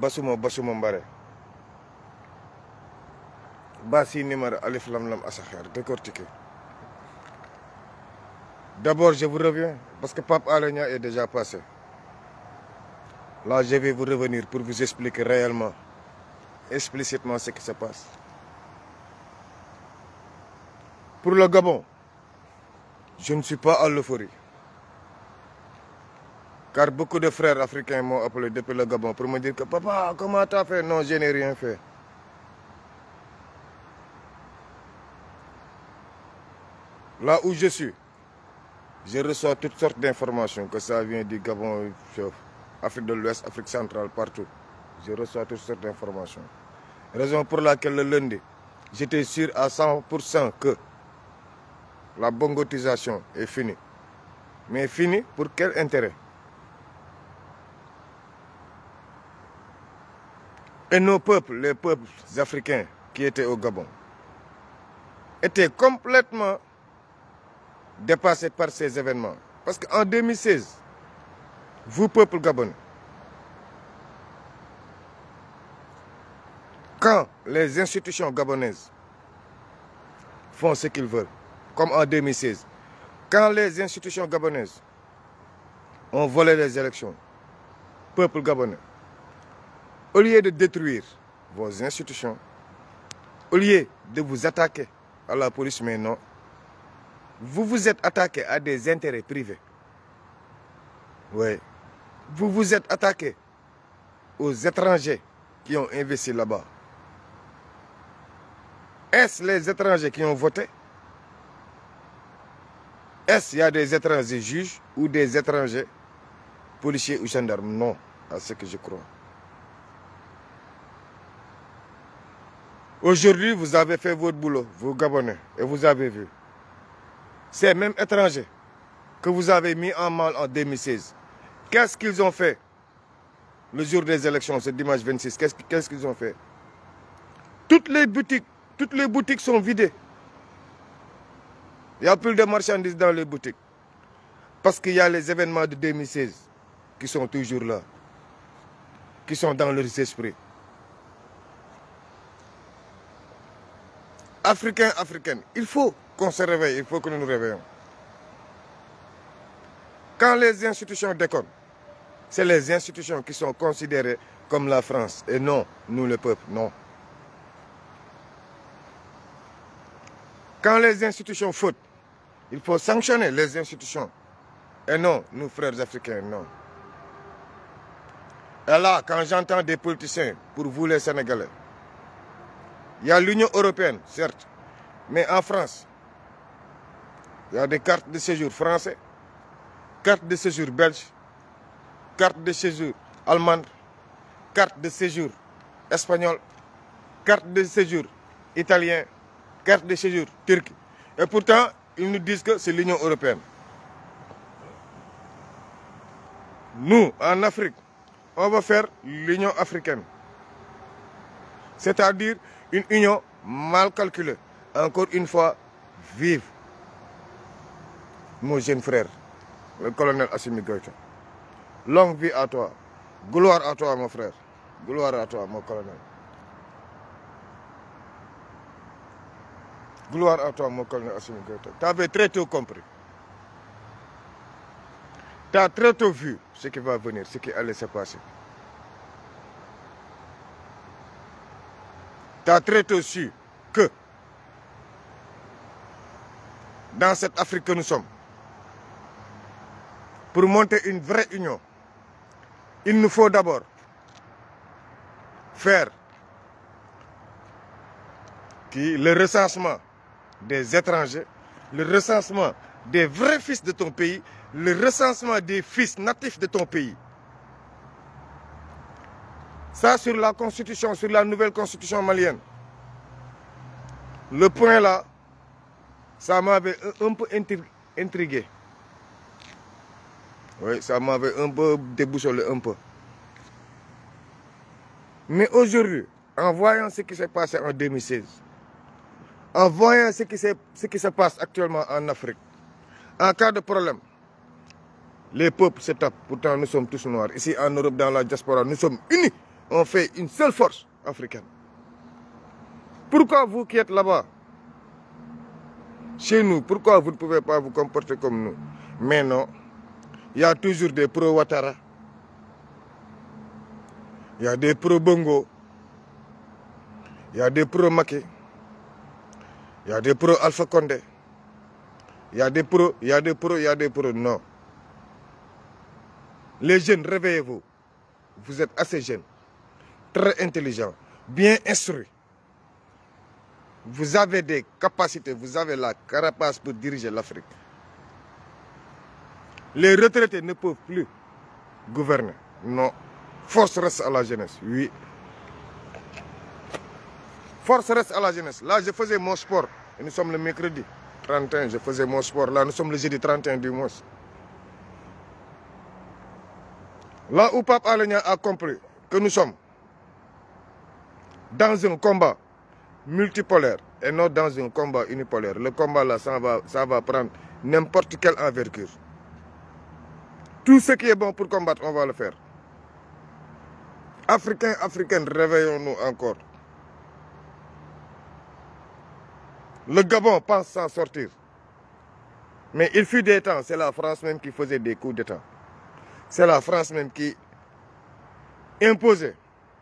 basuma basuma mbare baas yi numéro alif lam lam asaxeer décortiqué d'abord je vous reviens parce que Pape Alé Niang est déjà passé là je vais vous revenir pour vous expliquer réellement explicitement ce qui se passe pour le Gabon je ne suis pas à l'euphorie car beaucoup de frères africains m'ont appelé depuis le Gabon pour me dire que papa comment t'as fait non je n'ai rien fait là où je suis je reçois toutes sortes d'informations que ça vient du Gabon Afrique de l'Ouest Afrique centrale partout je reçois toutes sortes d'informations raison pour laquelle le lundi j'étais sûr à 100% que la bongotisation est finie mais finie pour quel intérêt Et nos peuples, les peuples africains qui étaient au Gabon, étaient complètement dépassés par ces événements. Parce que en vous, peuple gabonais, quand les institutions gabonaises font ce qu'ils veulent, comme en 2016, quand les institutions gabonaises ont volé les élections, peuple gabonais, au lieu de détruire vos institutions, au lieu de vous attaquer à la police, mais non, vous vous êtes attaqué à des intérêts privés. Oui. Vous vous êtes attaqué aux étrangers qui ont investi là-bas. Est-ce les étrangers qui ont voté Est-ce qu'il y des étrangers juges ou des étrangers policiers ou gendarmes Non, à ce que je crois. Aujourd'hui, vous avez fait votre boulot, vous Gabonais, et vous avez vu. Ces mêmes étrangers que vous en mal en 2016, qu'est-ce qu'ils ont le jour des élections, ce dimanche 26 Qu'est-ce qu'ils ont fait Toutes les boutiques, toutes les boutiques sont vidées. Il de marchandises dans les boutiques. Parce qu'il y les événements de 2016 qui sont toujours là, qui sont dans leurs esprits. africain africaines, il faut qu'on se réveille, il faut que nous nous réveillons. Quand les institutions déconnent, c'est les institutions qui sont considérées comme la France. Et non, nous le peuple, non. Quand les institutions fautent, il faut sanctionner les institutions. Et non, nous frères africains, non. Et là, quand j'entends des politiciens, pour vouler les Sénégalais, Il y a l'Union européenne, certes, mais en France, il y a des cartes de séjour français, carte de séjour belge, carte de séjour allemande, carte de séjour espagnole, carte de séjour italien, carte de séjour turque. Et pourtant, ils nous disent que c'est l'Union européenne. Nous, en Afrique, on va faire l'Union africaine. C'est-à-dire Une union mal calculée, encore une fois, vive mon jeune frère, le colonel Assimi Goïta. Longue vie à toi. Gloire à toi, mon frère. Gloire colonel. Gloire à toi, colonel Assimi Goïta. Tu avais très tôt compris. Tu très tôt vu ce qui va venir, ce qui allait se passer. tu as très tôt su que dans cette Afrique que nous sommes, pour monter une vraie union, il nous faut d'abord faire qui, le recensement des étrangers, le recensement des vrais fils de ton pays, le recensement des fils natifs de ton pays. Ça, sur la constitution, sur la nouvelle constitution malienne. Le point là, ça m'avait un peu intrigué. Oui, ça m'avait un peu déboussolé, un peu. Mais aujourd'hui, en voyant ce qui s'est passé en en voyant ce qui, ce qui se passe actuellement en Afrique, en cas de problème, les peuples s'étapent. Pourtant, nous sommes tous noirs. Ici, en Europe, dans la diaspora, nous sommes unis. on fait une seule force africaine. Pourquoi vous qui êtes là-bas, chez nous, pourquoi vous ne pouvez pas vous comporter comme nous Mais non, il toujours des pro-Ouattara, il y a des pro-Bongo, ya des pro-Maké, il a des pro-Alpha Condé, il des pro, il des pro, des pro, non. Les jeunes, réveillez-vous. Vous êtes assez jeunes. très intelligent, bien instruit. Vous avez des capacités, vous avez la carapace pour diriger l'Afrique. Les retraités ne peuvent plus gouverner. Non. Force à la jeunesse, oui. Force reste à la jeunesse. Là, je faisais mon sport. Et nous sommes le mercredi 31, je faisais mon sport. Là, nous sommes le jeudi 31 du mois. Là où Pape Alenia a compris que nous sommes dans un combat multipolaire et non dans un combat unipolaire. Le combat la ça va, ça va prendre n'importe quelle envergure. Tout ce qui est bon pour combattre, on va le faire. Africains, Africaines, réveillons-nous encore. Le Gabon pense s'en sortir. Mais il fut des temps, c'est la France même qui faisait des coups d'État. C'est la France même qui imposait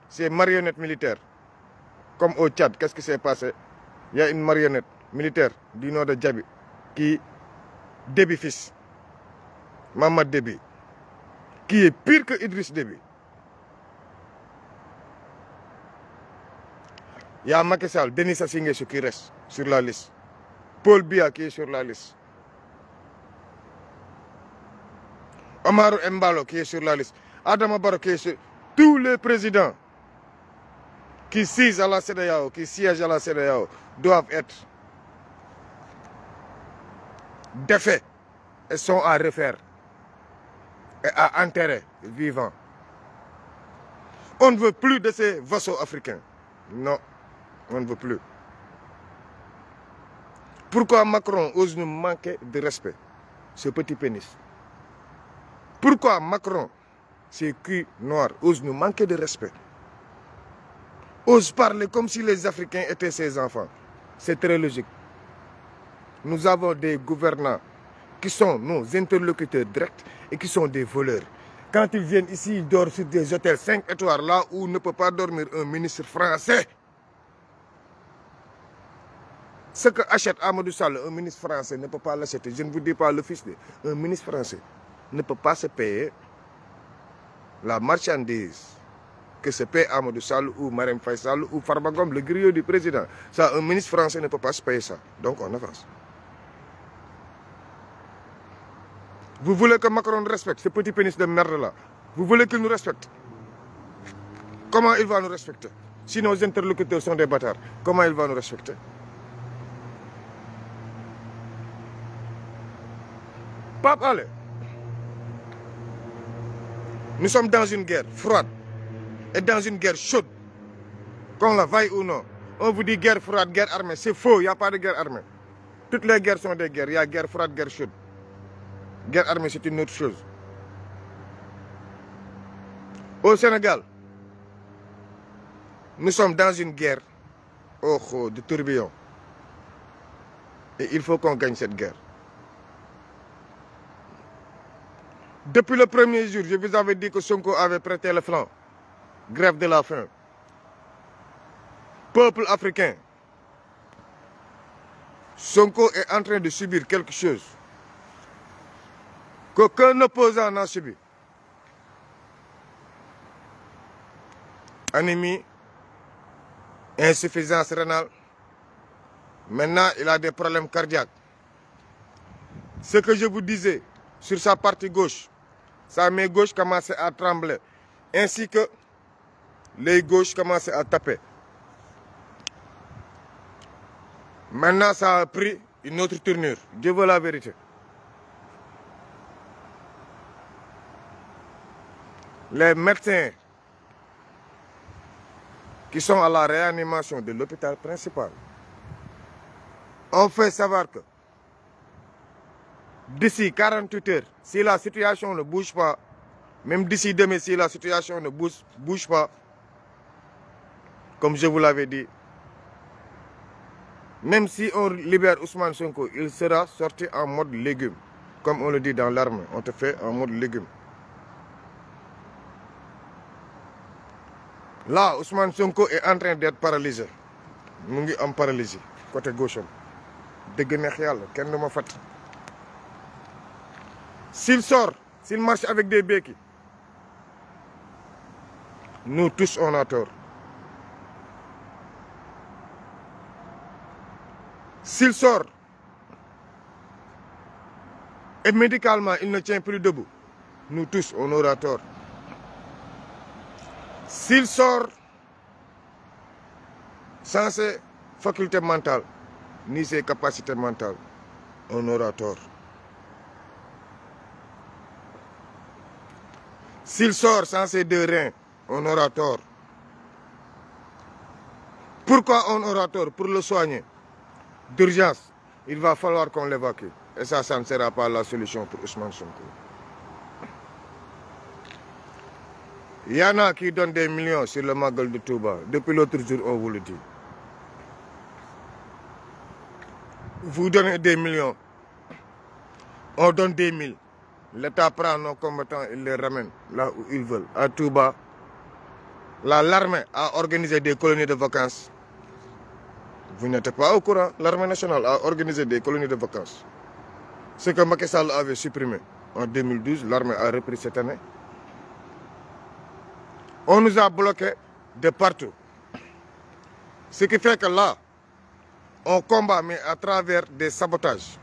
ces marionnettes militaires Comme au Tchad, qu'est-ce qui s'est passé Il une marionnette militaire du nom de Djabi qui Déby fils, Mamad Déby, qui est pire que Idriss Déby. Il y Denis Sassou Nguesso qui sur la liste. Paul bia qui sur la liste. Omarou Embalo qui sur la liste. Adama Barrow qui sur... Tous les présidents qui siègent à la CEDEAO, qui siègent à la CEDEAO, doivent être défaits et sont à refaire et à enterrer vivants. On ne veut plus de ces vassaux africains. Non, on ne veut plus. Pourquoi Macron ose nous manquer de respect, ce petit pénis Pourquoi Macron, ce cul noir, ose nous manquer de respect ose parler comme si les Africains étaient ses enfants. C'est très logique. Nous avons des gouvernants qui sont nos interlocuteurs directs et qui sont des voleurs. Quand ils viennent ici, ils dorment sur des hôtels 5 étoiles, là où ne peut pas dormir un ministre français. Ce que achète Amadou Sall, un ministre français ne peut pas l'acheter. Je ne vous dis pas le fils de... Un ministre français ne la marchandise que ce paie Amadou Sall ou Marem Faisal ou Farbagom, le griot du président. Ça, un ministre français ne peut pas se Donc on avance. Vous voulez que Macron respecte ce petit pénis de merde-là Vous voulez qu'il nous respecte Comment il va nous respecter Si nos interlocuteurs sont des bâtards, comment il va nous respecter Pape, allez Nous sommes dans une guerre et dans une guerre chaude, qu'on la vaille ou non. On vous dit guerre froide, guerre armée. C'est faux, il n'y a pas de guerre armée. Toutes les guerres sont des guerres. Il y a guerre froide, guerre chaude. Guerre armée, c'est une autre chose. Au Sénégal, nous sommes dans une guerre oh, oh de tourbillon. Et il faut qu'on gagne cette guerre. Depuis le premier jour, je vous avais dit que Sonko avait prêté le flanc. grève de la faim peuple africain Sonko est en train de subir quelque chose qu'aucun opposant n'a subi anémie insuffisance rénale maintenant il a des problèmes cardiaques ce que je vous disais sur sa partie gauche sa main gauche commençait à trembler ainsi que l'œil gauche commençait à taper. Maintenant, ça a pris une autre tournure. Dieu veut la vérité. Les médecins qui sont à la réanimation de l'hôpital principal ont fait savoir que d'ici 48 heures, si la situation ne bouge pas, même d'ici demain, si la situation ne bouge, bouge pas, comme je vous l'avais dit même si on libère Ousmane Sonko il sera sorti en mode légume comme on le dit dans l'armée on te fait en mode légume là Ousmane Sonko est en d'être paralysé mu ngi am paralysie côté gauche am dëgg neex yàlla kenn ma fat s'il sort s'il marche avec des béquilles nous tous on a s'il sort et médicalement il ne tient plus debout nous tous on aura tort s'il sort sans ses facultés mentales ni ses capacités mentales on aura tort s'il sort sans ses deux reins on aura pourquoi on aura pour le soigner d'urgence, il va falloir qu'on l'évacue. Et ça, sera pas la solution pour Ousmane Sonko. Il y en a des millions sur le Magal de Touba. Depuis l'autre jour, on vous le dit. Vous donnez des millions. On donne des mille. L'État prend nos combattants, il les ramène là où ils veulent, à la L'armée à organisé des colonies de vacances Vous n'êtes pas au courant. L'armée nationale a organisé des colonies de vacances. Ce que Macky Sall avait supprimé en 2012, l'armée a repris cette année. On nous a bloqués de partout. Ce qui fait que là, on combat, mais à travers des sabotages.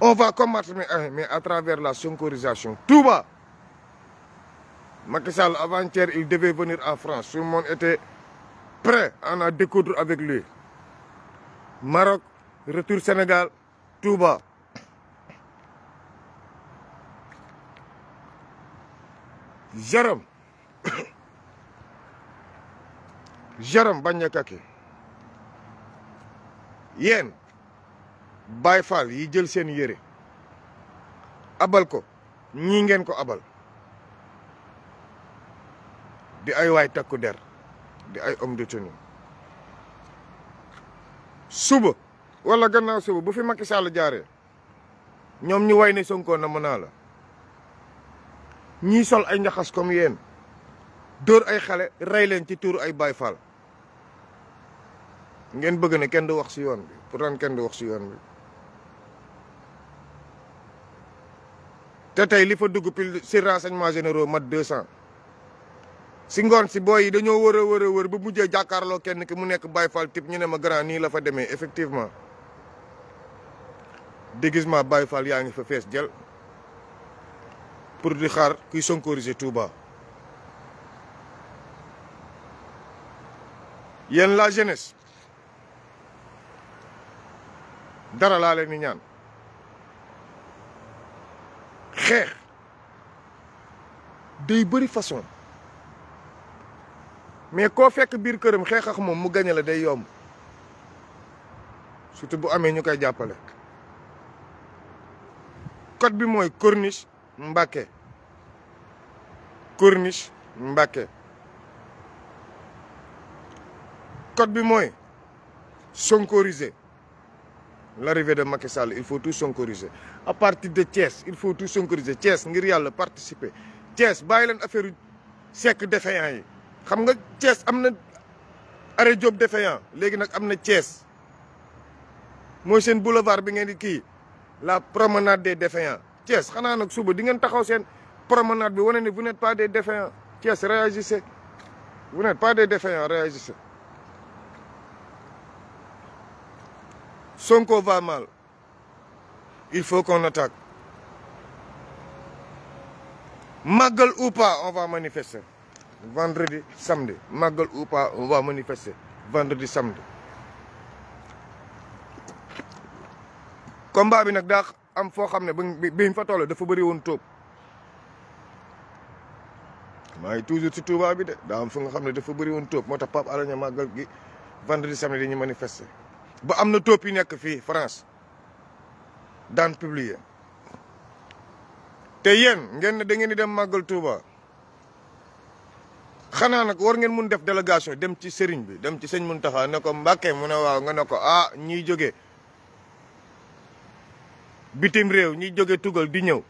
On va combattre, mais à travers la soncorisation. Tout bas. Macky avant-hier, il devait venir en France. Tout le monde était prêt à en découdre avec lui. Maroc, retour Sénégal, Touba. Jérôme. Jérôme Bagnakake. yéen Baay Faal yi jël seen yére abal ko ñii ngeen ko abal di ay waay takku der di ay homme de tenue suba wala gannaaw suba bu fi Macky Sall jaaree ñoom ñu way ne Sonko na mën naa la ñii sol ay njaxas comme yéen dóor ay xale rey leen ci tuur ay Baye Fall ngeen bëgg ne kenn du wax si yoon bi pourtant kenn du wax si yoon bi te tey li fa dugg pil si renseignements généraux mat deux cent si ngoon si booy yi dañoo wër a wër a wër ba mujjee jàkkaarloo kenn ki mu nekk Baye Fall type ñu ne ma grand nii la fa demee effectivement déguisement Baye Fall yaa ngi fa fees jël pour di xaar kuy sonkoriser Touba. yéen la jeunesse dara laa leen di ñaan xeex day bëri façon. mais koo fekk biir këram xeex ak moom mu gañe la day yomb surtout bu amee ñu koy jàppale. code bi mooy corniche Mbacké corniche Mbacké code bi mooy sonkoriser l'arrivée de Macky Sall il faut tout sonkoriser à partir de Thiès il faut tout sonkoriser Thiès ngir yàlla participer Thiès bàyyi leen affaire sekk défaillant yi. xam nga Thiès am na arrêt Diop défaillant léegi nag am na Thiès mooy seen boulevard bi ngeen di kii la promenade des défaillants Thiès xanaa nag suba di ngeen taxaw seen promenade bi wane ne vous n'êtes pas des défaillants Thiès réagissez vous n'êtes pas des défaillants réagissez Sonko va mal il faut qu'on attaque màggal ou pas on va manifester vendredi samedi màggal ou pas on va manifester vendredi samedi. combat bi nag daax am foo xam ne biñ fa toll dafa bëri woon tóob maa ngi toujours ci bi de daa am nga xam ne dafa bëri woon tóob moo tax Pape Alé Niang màggal gi vendredi samedi dañuy manifester. ba am na tóob yi nekk fii France daan publier te yéen ngeen ne da ngeen di dem màggal Touba. xanaa nag war ngeen mun def délégation dem ci sëriñ bi dem ci sëñ Muntaxa ne ko Mbàkke mu ne waaw nga ne ko ah ñiy jóge bitim réew ñi jóge tugal di ñëw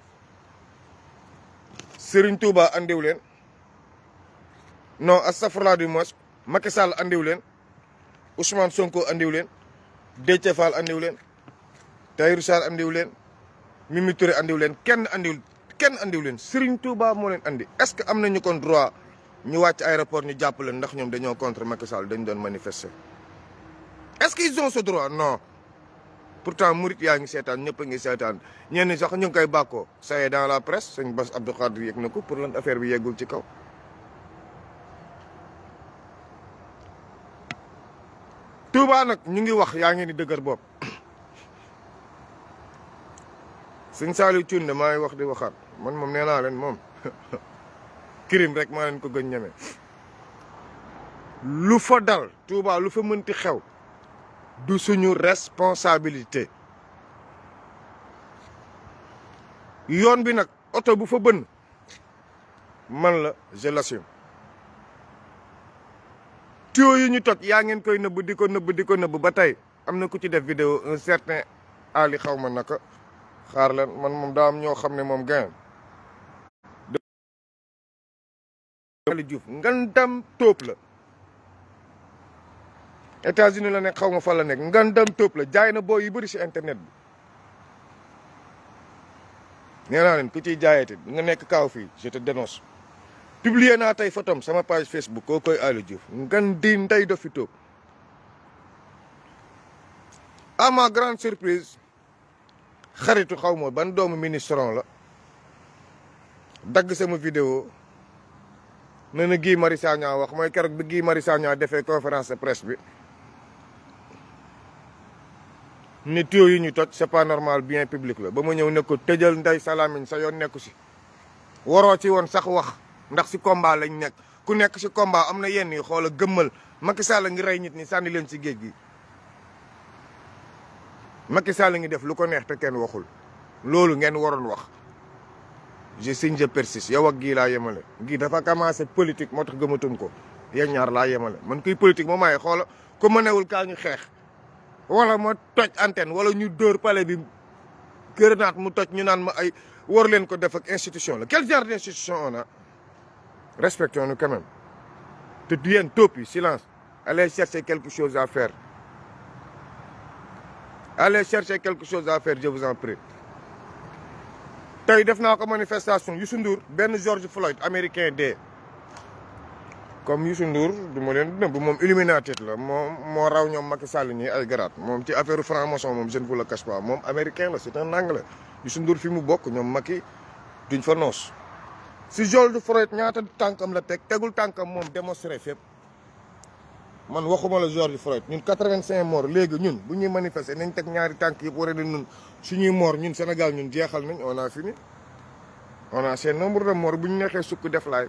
sëriñ Touba andiw leen non astafurlaa du mos Macky Sall andiw leen Ousmane Sonko andiw leen Déthié Fall andiw leen Tahirou Sarr andiw leen Mimi Touré andiw leen kenn andiw kenn andiw leen sëriñ Touba moo leen andi est-ce que am nañu kon droit ñu wàcc aéroport ñu jàpp leen ndax ñoom dañoo contre Macky Sall dañ doon manifester est-ce qu'ils ont ce droit non pourtant murit yaa ngi seetaan ñëpp a ngi seetaan ñenn sax ñu ngi koy bàkkoo ça y dans la presse sëñ Bass Abdou Khadre yëg na ko pour lan affaire bi yeggul ci kaw. Touba nag ñu ngi wax yaa ngi ni dëggër bopp sëñ Saliou Thioune maa ngi wax di waxaat man moom nee naa leen moom. crime rek maa leen ko gën ñeme lu fa dal Touba lu fa mënti xew du suñu responsabilité yoon bi nag oto bu fa bënn man la je l'assume yi ñu toj yaa ngeen koy nëbb di ko nëbb di ko nëbb ba tey am na ku ci def vidéo un certain Ali xaw ma naka xaar leen man moom daa am ñoo xam ne moom gain Waly Diouf ngandam tóob la États-Unis la nekk xaw ma fan la nekk ngandam tóob la jaay na boo yu bëri si internet bi nee naa leen ku ciy nga nekk kaaw fii je te publier naa tey photom sama page Facebook koo koy Waly Diouf ngan di fi tóob à ma grande surprise xaritu xaw ma ban doomu ministron la dagg sama vidéo ne na Guy Marius Sagna wax mooy keroog bi Guy Marius Sagna defee conférence de presse bi ne tuyaux yi ñu toj c'est pas normal bien public la ba ma ñëw ne ko nday ndey Salamine sa yoon nekku si waroo ci woon sax wax ndax si combat lañ nekk ku nekk si combat am na yenn yi xoola gëmmal Macky Sall ngi rey nit ñi sànni leen si géej gi Macky Sall ngi def lu ko neex te kenn waxul loolu ngeen waroon wax je signe je persiste yow ak gii laa yemale gii dafa commencé politique moo tax gëmatum ko yéen ñaar laa yemale man kuy politique moo may xoola ku ma wul kaa ñu xeex wala ma toj antenne wala ñu dóor pale bi kër naat mu toj ñu naan ma ay war leen ko def ak institution la quel genre d' institution on a respectons-nous quand même du yéen topi silence allez chercher quelque chose à faire allez chercher quelque chose à je vous en prie tey def naa ko manifestation Youssou Ndour benn George Floyd américain dee comme Youssou Ndour du ma leen nëbb moom Illuminati la moom moo raw ñoom Macky Sall ñi ay garaat moom ci affaire franc-maçon moom je ne vous le cache pas moom américain la c'est un anglais Youssou Ndour fi mu bokk ñoom Macky duñ fa noos si George Floyd ñaata tànkam la teg tegul tànkam moom démonstré fépp man waxuma la George Floyd ñun quatre-vingt-cinq morts léegi ñun bu ñuy manifester nañ teg ñaari tànk yëpp war a ne ñun suñuy morts ñun Sénégal ñun jeexal nañ on a fini on a seen nombre de morts bu ñu neexee sukk def laay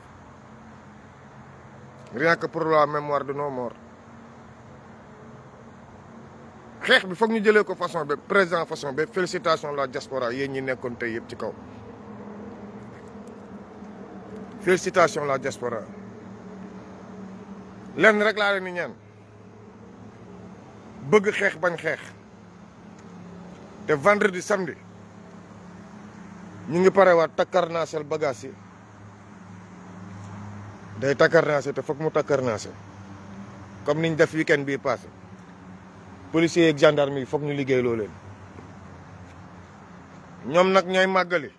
rien que pour la mémoire de nos morts xeex bi foog ñu jëlee ko façon ba présent façon ba félicitation la diaspora yéen ñi nekkoon tey yëpp ci kaw félicitation la jaspora lenn rek laa leen di bëgg xeex bañ xeex te vendredi samedi ñu ngi pare parewaat takkarnaasel bagages yi day takkarnaase te foog mu takkarnaase comme niñ def weekend bii passé policiers yeeg gendarme yi foog ñu liggéey loo ñoom nag ñooy màggali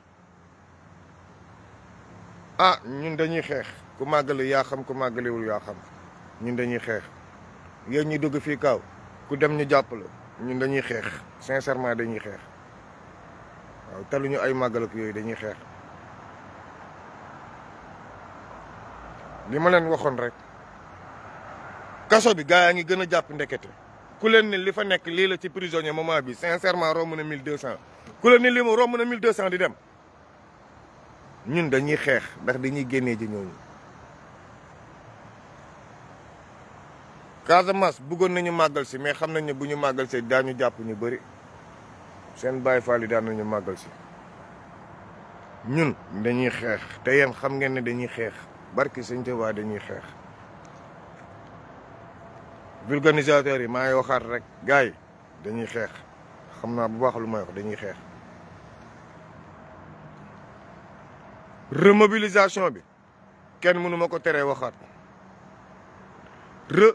ah ñun dañuy xeex ku màggali yaa xam ku màggaliwul yaa xam ñun dañuy xeex yéen ñuy dugg fii kaw ku dem ñu jàpp la ñun dañuy xeex sincèrement dañuy xeex waaw taluñu ay màggal ak yooyu dañuy xeex li ma leen waxoon rek kaso bi gaa yaa ngi gën a jàpp ndekete ku leen ni li fa nekk lii la ci prisonnier moment bi sincèrement romb na 1200 ku leen ni lii mu romb na 1200 di dem ñun dañuy xeex ndax dañuy génnee ji ñooñu. Casamance bëggoon nañu màggal si mais xam nañ ne bu ñu màggal si daañu jàpp ñu bëri seen Baay Faal yi daan nañu màggal si ñun dañuy xeex te yéen xam ngeen ne dañuy xeex barki Sëñ Tuubaa dañuy xeex. vulcanisateur yi maa ngi waxaat rek gars yi dañuy xeex xam naa bu baax lu may wax dañuy xeex. remobilisation bi kenn mënu ko tere waxaat.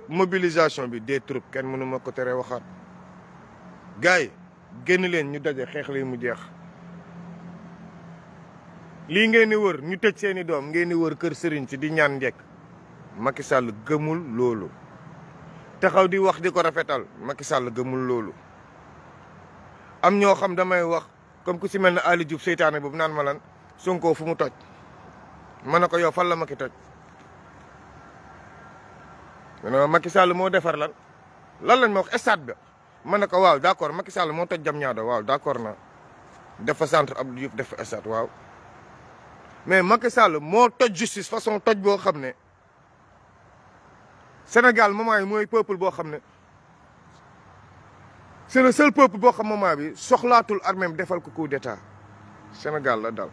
mobilisation bi des troupes kenn mënu ma ko teree waxaat gars yi génn leen ñu daje xeex li mu jeex. lii ngeen di wër ñu tëj seeni doom ngeen di wër kër sëriñ si di ñaan njekk Macky sàll gëmul loolu taxaw di wax di ko rafetal Macky sàll gëmul loolu. am ñoo xam damay wax comme ku si mel ne Aliou Diouf seytaane boobu naan ma lan Sonko fu mu toj mën na ko yow fan la Macky toj. non Macky Sall moo defar lan lan lañ ma wax stade ba ma ne ko waaw d' accord Macky Sall moo toj jam ñaado waaw d' accord naa def fa centre Abdou Diouf def fa stade waaw mais Macky moo toj justice façon toj boo xam ne Sénégal moment yi mooy peuple boo xam ne c' est boo xam moment bi soxlaatul armée defal ko coup d' état Sénégal la dal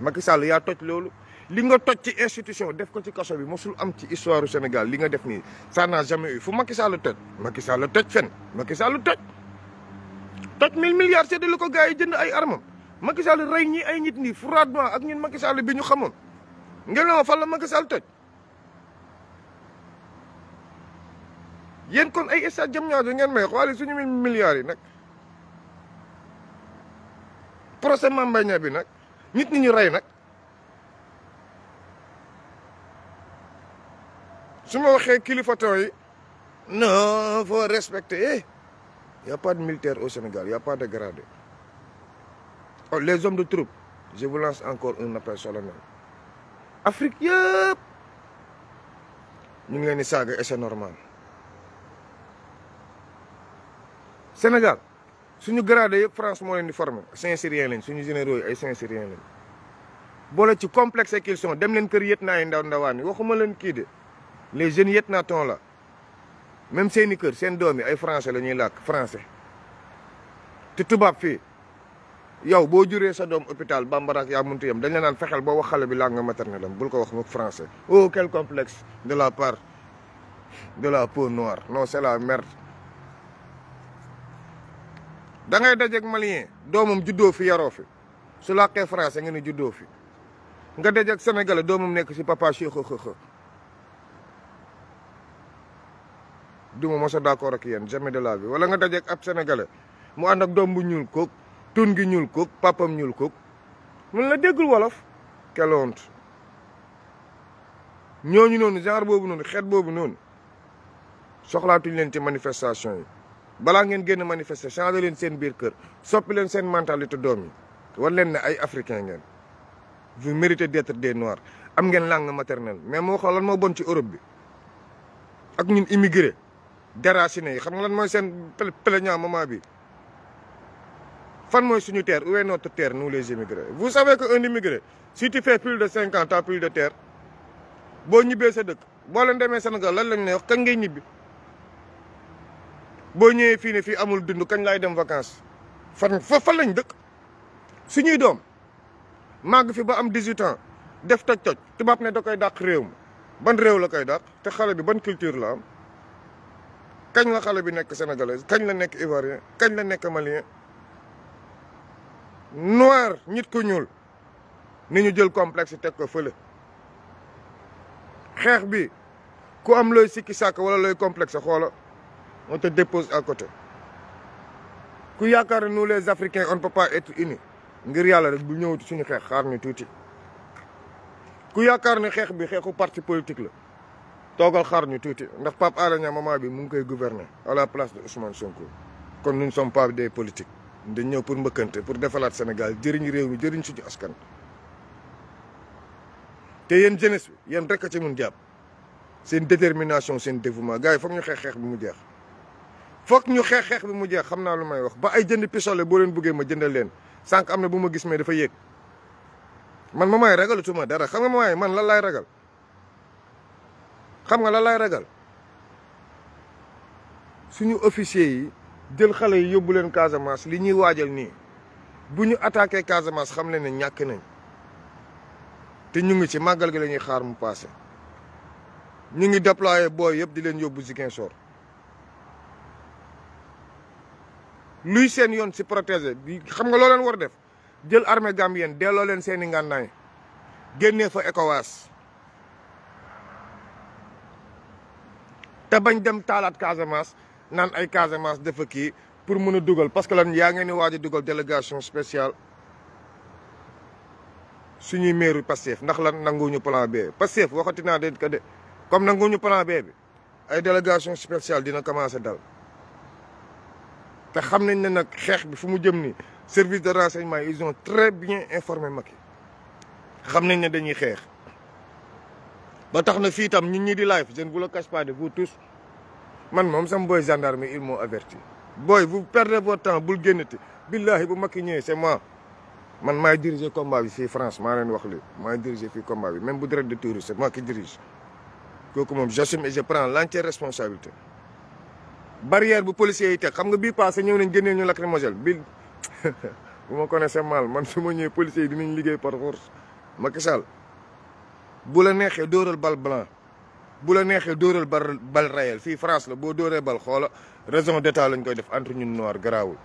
Macky yaa toj loolu li nga toj ci institution def ko ci kaso bi mosul am ci histoire Sénégal li nga def nii ça n'a jamais eu fu Macky Sall toj Macky Sall toj fen Macky Sall toj toj mille milliards séddale ko gars yi jënd ay armam Macky Sall rey ñi ay nit nii froidement ak ñun Macky Sall bi ñu xamoon ngeen ne ma fan la Macky Sall toj yéen kon ay stade Diamniadio ngeen may su suñu mille milliards yi nag procès Mame Mbaye Niang bi nag nit ñi ñu rey nak su ma waxee kilifa taw yi non faut respecter y' a pas de militaire au Sénégal y' a de gradé oh, les hommes de troupe je vous lance encore un appel solennel Afrique yëpp ñu ngi leen di saaga et c'est normal Sénégal ñu gradé yëpp France moo leen di former Saint-Syrien lañ suñu généraux yi ay Saint-Syrien lañ boole ci complexe qu'ils sont dem leen kër yët naa yi ndaw ndawaan yi waxuma leen kii de. les jeunes lieutenants la même seeni kër seen doom yi ay français la ñuy làkk français te tubaab fi yow boo juree sa doom hôpital bambara ak yaa muntu yam dañ la naan fexeel boo wax xale bi langue maternelle am bul ko wax moom français. oh quel complexe de la part de la peau noire non c'est la merde da ngay dajeeg malien doomam juddoo fi yaroo fi su làkkee français nga ne juddoo fi nga dajeeg sénégalais doomam nekk si papa Cheikh du ma mos a d'accord ak yéen jamais de la vie wala nga dajeeg ab sénégalais mu ànd ak doom bu ñuul kook tun gi ñuul kook papam ñuul kook mun la déggul wolof kelont ñooñu noonu genre boobu noonu xeet boobu noonu soxlaatuñ leen ci manifestation yi balaa ngeen génn manifester changé leen seen biir kër soppi leen seen mentalité doom yi war leen ay africain ngeen vous méritez d'être des noirs am ngeen langue maternelle mais moo xool moo bon ci Europe bi ak ñun immigré déraciné yi xam nga lan mooy seen plaignant moment bi fan mooy suñu terre où est notre terre nous les immigrés vous savez que un immigré si tu fais plus de cinq ans plus de terre boo ñibbee sa dëkk boo leen demee Sénégal lan lañ lay wax kañ ngay ñibbi boo ñëwee fii ne fii amul dund kañ laay dem vacances fan fa fan lañ dëkk suñuy doom màgg fi ba am 18 ans def toj-toj tubaab ne da koy dàq réew mi ban réew la koy dàq te xale bi ban culture la am. kañ la xale bi nekk sénégalaise kañ la nekk ivoirien kañ la nekk malien noir nit ku ñuul ni ñu jël complexe teg ko fële xeex bi ku am looy sikki sàkk wala looy complexe xoola on te dépose à côté ku yaakaar ne nous les africains on ne peut pas ngir yàlla rek bu ñëwati suñu xeex xaar ñu tuuti ku yaakaar ni xeex bi xeexu parti politique la toogal xaar ñu tuuti ndax Pape Alé Niang moment bi mu ngi koy gouverner à la place de Ousmane Sonko kon nu ne sommes pas des politiques dañ ñëw pour mbëkkante pour defalaat Sénégal jëriñ réew mi jëriñ suñu askan. te yéen jeunesse bi yéen rek a ci mun jàpp seen détermination seen dévouement gars yi foog ñu xeex xeex bi mu jeex. foog ñu xeex xeex bi mu jeex xam naa lu may wax ba ay jënd pistolet booleen leen ma jëndal leen sànq am na bu ma gis mais dafa yéeg man mamaay ragalatuma dara xam nga mamaay man lan laay ragal. xam nga la lay ragal suñu officiers yi jël xale yi yóbbu leen Casamance li ñuy waajal nii bu ñu attaqué Casamance xam leen ne ñàkk nañ te ñu ngi ci màggal gi la ñuy xaar mu passé ñu ngi déployé booy yëpp di leen yóbbu Ziguinchor luy seen yoon si protéger bi xam nga loo leen war def jël armée gambienne delloo leen seeni i ngànnaay génnee fa ECOWAS te bañ dem taalaat Casamance naan ay Casamance dafa kii pour mën a dugal parce que lan yaa ngeen ni waaj a dugal délégation spéciale suñuy meeru Pastef ndax lan nanguwuñu plan B Pastef waxati naa de que de comme nanguwuñu plan B bi ay délégation spéciale dina commencé dal te xam nañ ne nag xeex bi fu mu jëm ni service de renseignement ils ont très bien informé Macky xam nañ ne dañuy xeex ba tax na fii tam ñun ñi di live je ne vous le tous man moom sama booy gendarme il m'ont averti booy vous perdez votre temps bul génnati billahi bu makki ñëwee c'est man maay diriger combat bi fii France maa leen wax li maay diriger fii combat bi bu direct de touriste c'est moi qui dirige kooku moom j'assume et je prends l'entière responsabilité barrière bu policier yi teg xam nga bii passé ñëw nañ génnee ñu lacrymogène bi bu ma connaissé mal man su ma ñëwee policier yi dinañ liggéey par force Macky bu la neexee dóoral bal blanc bu la neexee dóoral bal bal réel fii France la boo dóoree bal xoola raison d'état lañ koy def entre ñun noir garaawul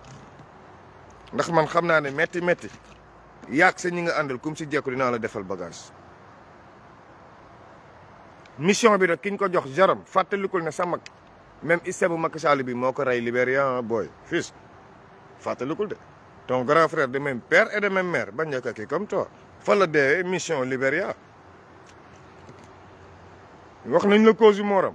ndax man xam naa ne métti metti yaag sa ñi nga àndal kum si jekku dinaa la defal bagage mission bi nag ki ko jox jaram fàttalikul ne sa mag même iste bu Macky Sall bi moo ko rey Libéria ah, booy fils fàttalikul de ton grand frère de même père et de même mère bañ a kii comme toi fa la dee mission Libéria wax nañ la cause morom mooram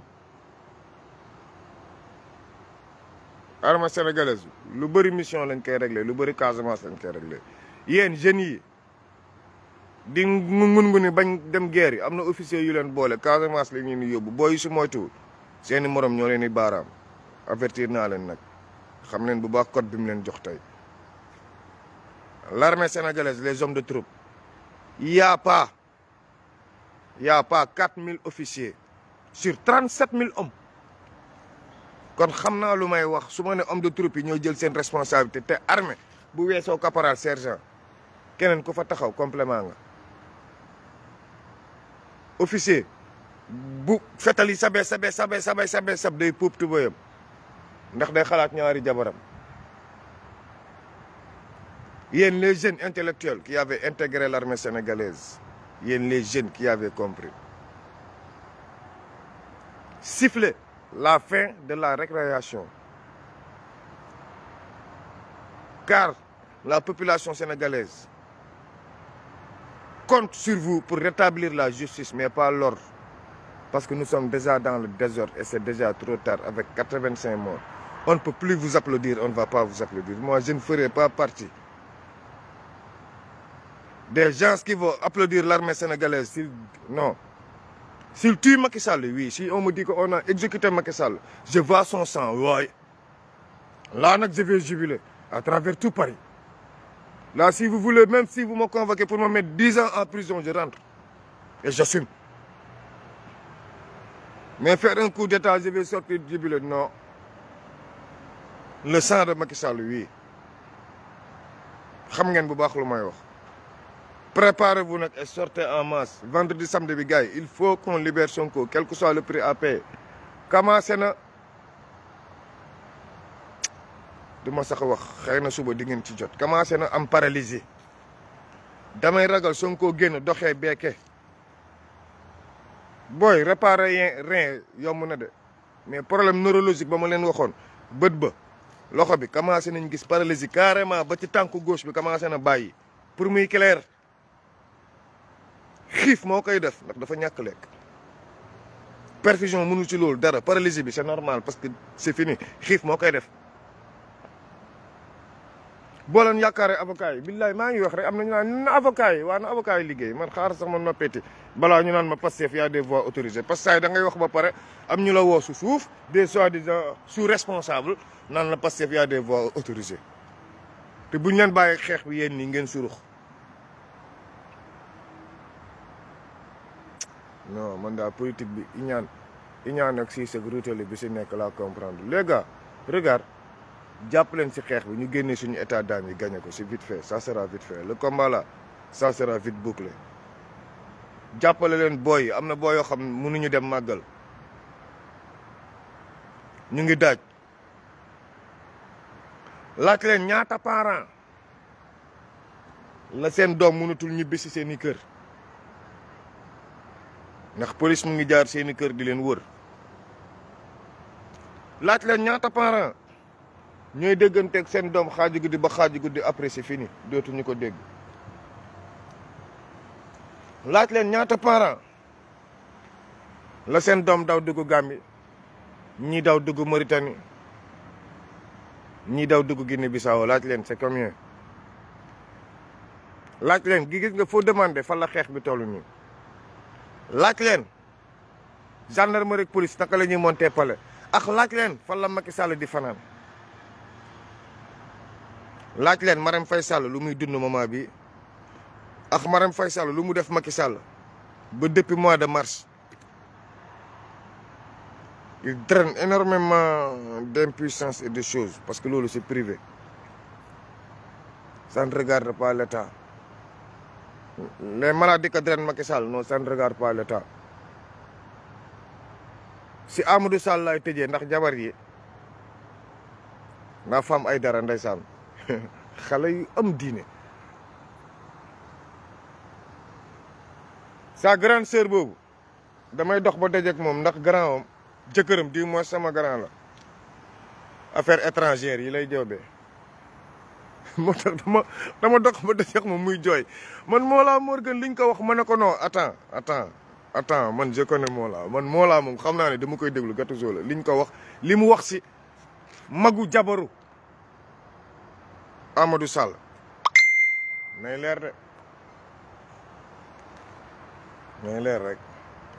armée sénégalaise lu bëri mission lañ koy réglé lu bëri Casamance lañ koy réglé yéen jeunes yi di ngun ngu ni bañ dem guerre yi am na officier yu leen boole Casamance la ñu ni yóbbu booy su moytuwul seeni morom ñoo leen di baaraam avertir naa leen nag xam leen bu baax code bi mu leen jox tey l'armée sénégalaise les hommes de troupe y a pas y a pas quatre mille officier sur trente sept mille hommes kon xam naa lu may wax su ma ne homme de troupe yi ñooy jël seen responsabilité te armée bu weesoo caporal sergent keneen ku fa taxaw complément nga officier bu fetal yi sabe sabe sabe sabe sabe sab day puub tubayam ndax day xalaat ñaari jabaram yéen les jeunes intellectuels qui avaient intégré l'armée sénégalaise yéen les jeunes qui avaient compris siffler la fin de la récréation. Car la population sénégalaise compte sur vous pour rétablir la justice, mais pas l'ordre. Parce que nous sommes déjà dans le désordre et c'est déjà trop tard avec 85 morts. On ne peut plus vous applaudir, on ne va pas vous applaudir. Moi, je ne ferai pas partie des gens qui vont applaudir l'armée sénégalaise. Non. S'il tue Macky Sall, oui, si on me dit qu'on a exécuté Macky je vois son sang, oui. Là, je vais jubiler à travers tout Paris. Là, si vous voulez, même si vous me convoquez pour me mettre 10 ans en prison, je rentre. Et j'assume. Mais faire un coup d'état, je vais sortir jubiler, non. Le sang de Macky Sall, oui. Vous savez ce que je veux Préparez-vous nag et sortez en masse vendredi samedi bi gars yi il faut qu'on libère Sonko quel que soit le prix à payer commencé na du ma sax wax xëy na suba di ngeen ci jot commencé na am paralysé damay ragal Sonko génn doxee beeke booy réparer rein yomb na de mais problème neurologique ba ma leen waxoon bët ba loxo bi commencé nañ gis paralysie carrément ba ci tànku gauche bi commencé na bàyyi pour muy clair xiif moo koy def ndax dafa ñàkk lekk perfusion munu ci loolu dara paralysie bi c'est normal parce que c'est fini xiif moo koy def boo leen yaakaaree avocat yi billaay maa ngi wax rek am na ñu naan na avocat yi waa na avocat yi liggéey man xaar sax ma noppeeti balaa ñu naan ma Pastef y a des voies autorisées parce que da ngay wax ba pare am ñu la woo su suuf des soi-disant sous responsable naan la Pastef y a des voies autorisées te buñ leen bàyyi xeex bi yéen nii ngeen surux no man daal politique bi iñaan iñaan ak si sécurité li bi si nekk laa comprendre les gars regarde jàpp leen si xeex bi ñu génnee suñu état d'âme yi gagné ko si vite fait ça sera vite fait le combat là ça jàppale leen booy am na booy yoo xam ne mënuñu dem màggal ñu ngi daaj laaj leen ñaata parent la seen doom mënatul ñibbi si seen i kër. ndax police mu ngi jaar seeni kër di leen wër laaj leen ñaata parent ñooy dégganteeg seen doom xaaju guddi ba xaaj guddi après c'est fini dootuñu ko dégg laaj leen ñaata parent la seen doom daw dugg Gambie ñii daw dugg Mauritanie ñii daw dugg Guinée Bissau laaj leen c'est combien laaj leen gi gis nga foo demande fan la xeex bi tollu nii. laaj leen gendarmerie police naka la ñuy monté palais ak laaj fan la Macky Sall di fanaan laaj leen Marème Faye lu muy dund moment bi ak Marème Faye Sall lu mu def Macky Sall ba depuis mois de mars il draine énormément d'impuissance et de chose parce que loolu c'est privé ça ne regarde pas l'État Les maladies que draine Macky Sall non ça ne regarde pas l'État si Amadou Sall laay tëjee ndax jabar yi naa faam ay dara ndeysaan xale yu am diine. sa grande sœur boobu damay dox ba dajeek moom ndax grand am jëkkëram di mooy sama grand la affaire étrangère yi lay joobee. moo tax dama dama dox ba desex ma muy jooy man Mollah gën liñ ko wax ma ne ko non attends attends attends man je connais Mollah man Mollah moom xam naa ne dama koy déglu Gatouso la liñ ko wax li mu wax si magu jabaru amadu Sall nay leer de nay leer rek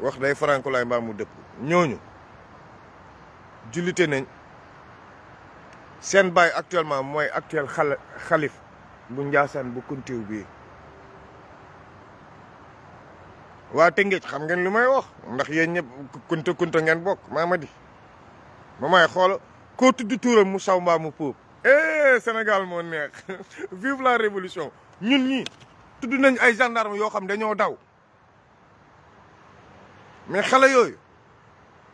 wax day farankulaay mbaa mu dëpp ñooñu jullite nañ seen baay actuellement mooy actuelle xal xalif bu Njaasaan bu kuntiw bii waa Tëngéej xam ngeen lu may wax ndax yéen ñëpp kunta kunta ngeen bokk Mamadi ma may xool koo tudd tuuram mu saw mbaa mu puub eh, Sénégal moo neex vive la révolution ñun ñi tudd nañ ay gendarme yoo xam dañoo daw mais xale yooyu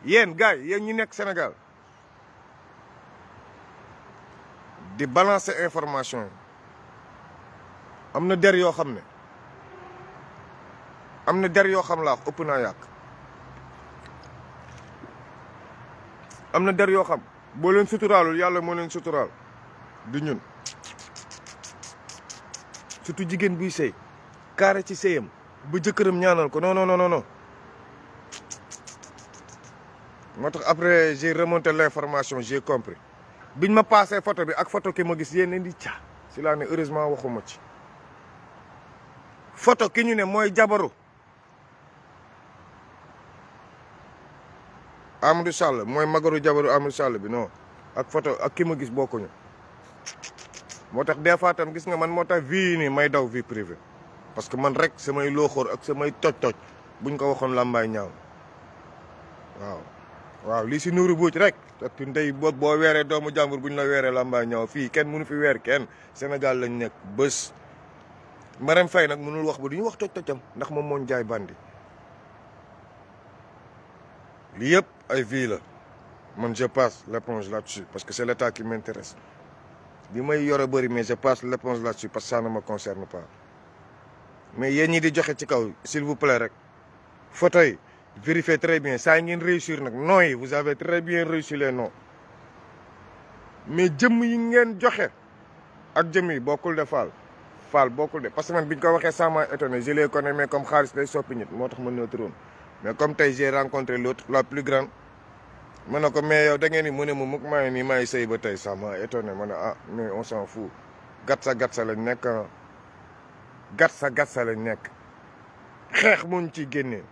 yéen gars yi yéen ñi nekk Sénégal di balancer information yi am na der yoo xam ne am na der yoo xam laa ëpp naa yàq am na der yoo xam booleen leen yàlla moo leen suturaal du ñun surtout jigéen buy sëy kaare ci sëyam bu jëkkëram ñaanal ko non non non non moo tax après j'ai remonté l'information j'ai compris biñ ma passé photo bi ak photo ki ma gis yéen di ca si laa ne heureusement waxuma ci photo ki ñu ne mooy jabaru Amadou Sall mooy magaru jabaru Amadou Sall bi non ak photo ak ki ma gis bokkuñu moo tax des tam gis nga man moo tax vie nii may daw vie privée parce que man rek samay looxoor ak samay toj-toj buñ ko waxoon làmbaay ñaaw waaw waaw lii si nuuru buuc rek te ndey boog boo weeree doomu jàmbur bu ñu la weeree lambaa ñaaw fii kenn mënu fi weer kenn Sénégal lañ nekk bés. Marème fay nag mënul wax ba du ñu wax toj-tojam ndax moom moo jaay bandi lii yëpp ay vie la man je passe l'éponge là-dessus parce que c'est l'état qui m'intéresse bi may yore bëri mais je passe l'éponge là parce que ça ne me concerne pas mais yéen ñi di joxe ci kaw s'il vous plaît rek fa tey vérifiez très bien saa ngeen réussir nag yi vous avez très bien réussi les noms mais jëmm yi ngeen joxe ak jëmm yi bokkul de Fall Fall bokkul de parce que man bi ñu ko waxee sama étonné je les connais mais comme xaalis day soppi nit moo tax ma neutre woon mais comme tey j'ai rencontré l'autre la plus grande ma ne ko mais yow da ngeen ni mu ne mu mukk maa ngi nii maa ngi ba tey sax ma étonné ma ne ah mais on s'en fout gat sa gat lañ nekk ah. gat sa gat sa lañ xeex muñ ci génne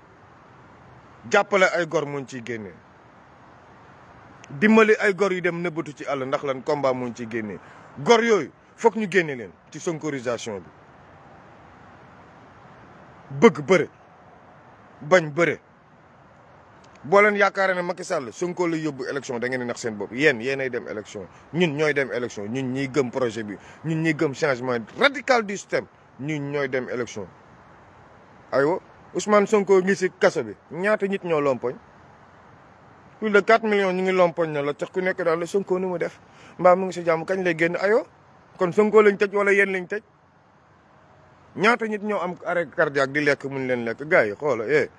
jàppale ay gor muñ ciy génnee dimbali ay gor yu dem nëbbatu ci àll ndax lan combat muñ ciy génnee gor yooyu foog ñu génne leen ci sonkorisation bi bëgg bëre bañ bëre boo leen yaakaare ne Macky Sall Sonko yóbbu élection da ngeen nax seen bopp yéen yéenay dem élection ñun ñooy dem élection ñun ñiy gëm projet bi ñun ñiy gëm changement radical du système ñun ñooy dem élection aywa Ousmane Sonko ngi si kaso bi ñaata nit ñoo lompoñ plus de 4 millions ñu ngi lompoñ na la tax ku nekk daal la Sonko nu mu def mbaa mu ngi si jàmm kañ lay génn ayoo kon Sonko lañ tëj wala yéen lañ tëj ñaata nit ñoo am arrêt cardiaque di lekk mun leen lekk gars yi xoola eh.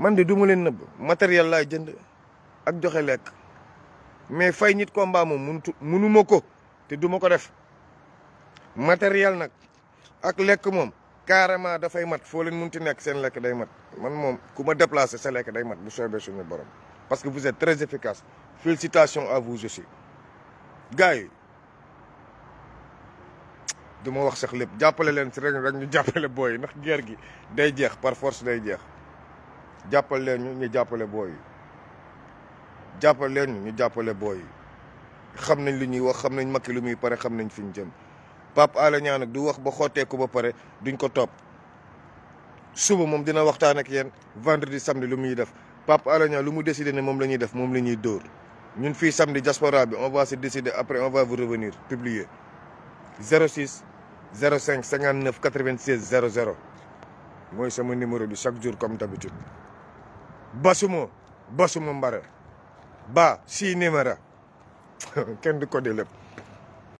man de du ma leen nëbb matériel laay jënd ak joxe lekk mais fay nit combat moom mënutu mënuma ko te duma ko def matériel nag ak lekk moom carrément dafay mat foo leen munti nekk seen lekk day mat man moom ku ma déplacé sa lekk day mat bu soobee suñu borom parce que vous êtes très efficace félicitations à vous aussi gars yi du wax sax lépp jàppale leen si rek rek ñu jàppale booy yi ndax guerre gi day jeex par force day jeex jàppale leen ñu ñu jàppale booy yi jàppale leen ñu ñu jàppale booy yi xam nañ lu ñuy wax xam nañ makki lu muy pare xam nañ fi ñu jëm. Pape Alé Niang nag du wax ba xotteeku ba pare duñ ko topp suba moom dina waxtaan ak yéen vendredi samedi lu muy def Pape Alé Niang lu mu décidé ne moom la ñuy def moom la ñuy dóor ñun fii samedi diaspora bi on va se décider après on va cinq revenir publier 06 05 59 96 00 mooy sama numéro bi chaque jour comme d'habitude basuma basuma mbara ba si numéro kenn du ko di lépp